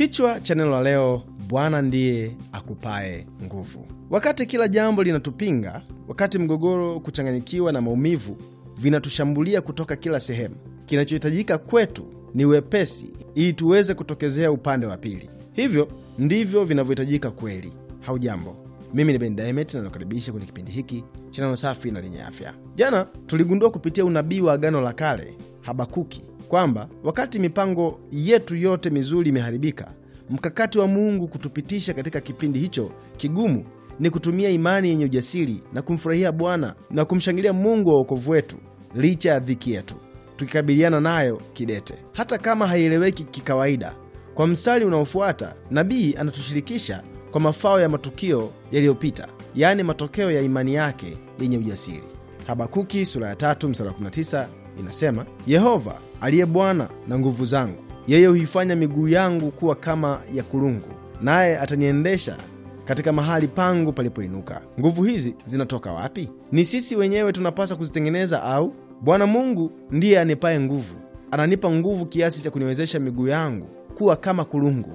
Kichwa cha neno la leo: Bwana ndiye akupaye nguvu. Wakati kila jambo linatupinga, wakati mgogoro, kuchanganyikiwa na maumivu vinatushambulia kutoka kila sehemu, kinachohitajika kwetu ni wepesi, ili tuweze kutokezea upande wa pili. Hivyo ndivyo vinavyohitajika kweli. Haujambo. Mimi ni Ben Diamond na nakaribisha kwenye kipindi hiki cha neno safi na lenye afya. Jana tuligundua kupitia unabii wa Agano la Kale, Habakuki, kwamba wakati mipango yetu yote mizuri imeharibika, mkakati wa Mungu kutupitisha katika kipindi hicho kigumu ni kutumia imani yenye ujasiri na kumfurahia Bwana na kumshangilia Mungu wa wokovu wetu licha ya dhiki yetu, tukikabiliana nayo kidete, hata kama haieleweki kikawaida. Kwa mstari unaofuata nabii anatushirikisha kwa mafao ya matukio yaliyopita, yaani matokeo ya imani yake yenye ujasiri. Habakuki sura ya tatu mstari 19 inasema, Yehova aliye Bwana na nguvu zangu, yeye huifanya miguu yangu kuwa kama ya kulungu, naye ataniendesha katika mahali pangu palipoinuka. Nguvu hizi zinatoka wapi? Ni sisi wenyewe tunapaswa kuzitengeneza au? Bwana Mungu ndiye anipaye nguvu, ananipa nguvu kiasi cha kuniwezesha miguu yangu kuwa kama kulungu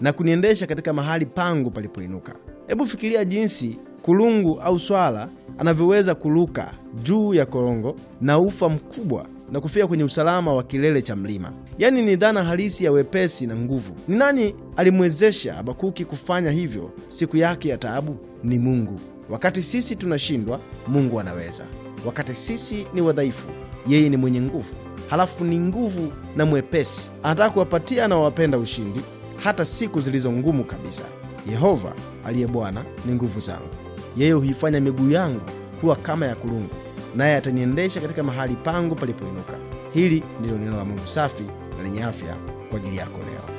na kuniendesha katika mahali pangu palipoinuka. Hebu fikiria jinsi kulungu au swala anavyoweza kuluka juu ya korongo na ufa mkubwa na kufika kwenye usalama wa kilele cha mlima. Yaani ni dhana halisi ya wepesi na nguvu. Ni nani alimwezesha Habakuki kufanya hivyo siku yake ya taabu? Ni Mungu. Wakati sisi tunashindwa, Mungu anaweza. Wakati sisi ni wadhaifu, yeye ni mwenye nguvu. Halafu ni nguvu na mwepesi, anataka kuwapatia na wapenda ushindi hata siku zilizo ngumu kabisa. Yehova aliye Bwana ni nguvu zangu, yeye huifanya miguu yangu kuwa kama ya kulungu, naye ataniendesha katika mahali pangu palipoinuka. Hili ndilo neno la Mungu safi na lenye afya kwa ajili yako leo.